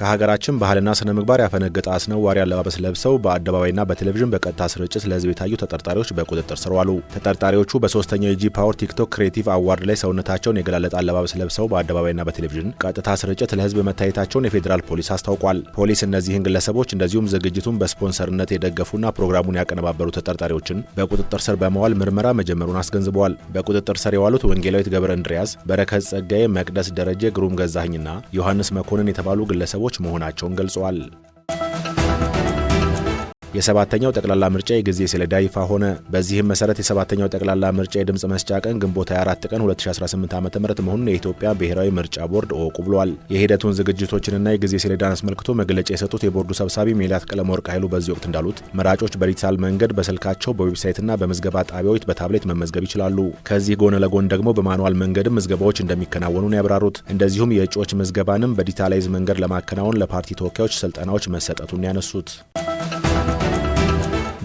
ከሀገራችን ባህልና ስነ ምግባር ያፈነገጠ አስነዋሪ አለባበስ ለብሰው በአደባባይና በቴሌቪዥን በቀጥታ ስርጭት ለህዝብ የታዩ ተጠርጣሪዎች በቁጥጥር ስር ዋሉ። ተጠርጣሪዎቹ በሶስተኛው የጂ ፓወር ቲክቶክ ክሬቲቭ አዋርድ ላይ ሰውነታቸውን የገላለጠ አለባበስ ለብሰው በአደባባይና በቴሌቪዥን ቀጥታ ስርጭት ለህዝብ መታየታቸውን የፌዴራል ፖሊስ አስታውቋል። ፖሊስ እነዚህን ግለሰቦች እንደዚሁም ዝግጅቱን በስፖንሰርነት የደገፉና ፕሮግራሙን ያቀነባበሩ ተጠርጣሪዎችን በቁጥጥር ስር በመዋል ምርመራ መጀመሩን አስገንዝበዋል። በቁጥጥር ስር የዋሉት ወንጌላዊት ገብረ እንድሪያስ፣ በረከት ጸጋዬ፣ መቅደስ ደረጀ፣ ግሩም ገዛህኝና ዮሐንስ መኮንን የተባሉ ግለሰቦች መሆናቸውን ገልጸዋል። የሰባተኛው ጠቅላላ ምርጫ የጊዜ ሰሌዳ ይፋ ሆነ። በዚህም መሰረት የሰባተኛው ጠቅላላ ምርጫ የድምፅ መስጫ ቀን ግንቦት 24 ቀን 2018 ዓ ም መሆኑን የኢትዮጵያ ብሔራዊ ምርጫ ቦርድ እወቁ ብሏል። የሂደቱን ዝግጅቶችንና የጊዜ ሰሌዳን አስመልክቶ መግለጫ የሰጡት የቦርዱ ሰብሳቢ ሜላት ወርቅ ኃይሉ በዚህ ወቅት እንዳሉት መራጮች በዲጂታል መንገድ በስልካቸው በዌብሳይትና በምዝገባ ጣቢያዎች በታብሌት መመዝገብ ይችላሉ። ከዚህ ጎን ለጎን ደግሞ በማኑዋል መንገድም ምዝገባዎች እንደሚከናወኑ ነው ያብራሩት። እንደዚሁም የእጩዎች ምዝገባንም በዲጂታላይዝ መንገድ ለማከናወን ለፓርቲ ተወካዮች ስልጠናዎች መሰጠቱን ያነሱት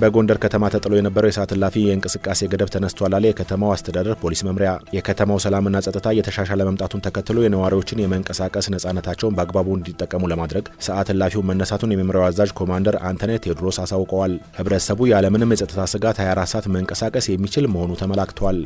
በጎንደር ከተማ ተጥሎ የነበረው የሰዓት እላፊ የእንቅስቃሴ ገደብ ተነስቷል አለ የከተማው አስተዳደር ፖሊስ መምሪያ። የከተማው ሰላምና ጸጥታ እየተሻሻለ መምጣቱን ተከትሎ የነዋሪዎችን የመንቀሳቀስ ነፃነታቸውን በአግባቡ እንዲጠቀሙ ለማድረግ ሰዓት እላፊው መነሳቱን የመምሪያው አዛዥ ኮማንደር አንተነ ቴዎድሮስ አሳውቀዋል። ህብረተሰቡ ያለምንም የጸጥታ ስጋት 24 ሰዓት መንቀሳቀስ የሚችል መሆኑ ተመላክቷል።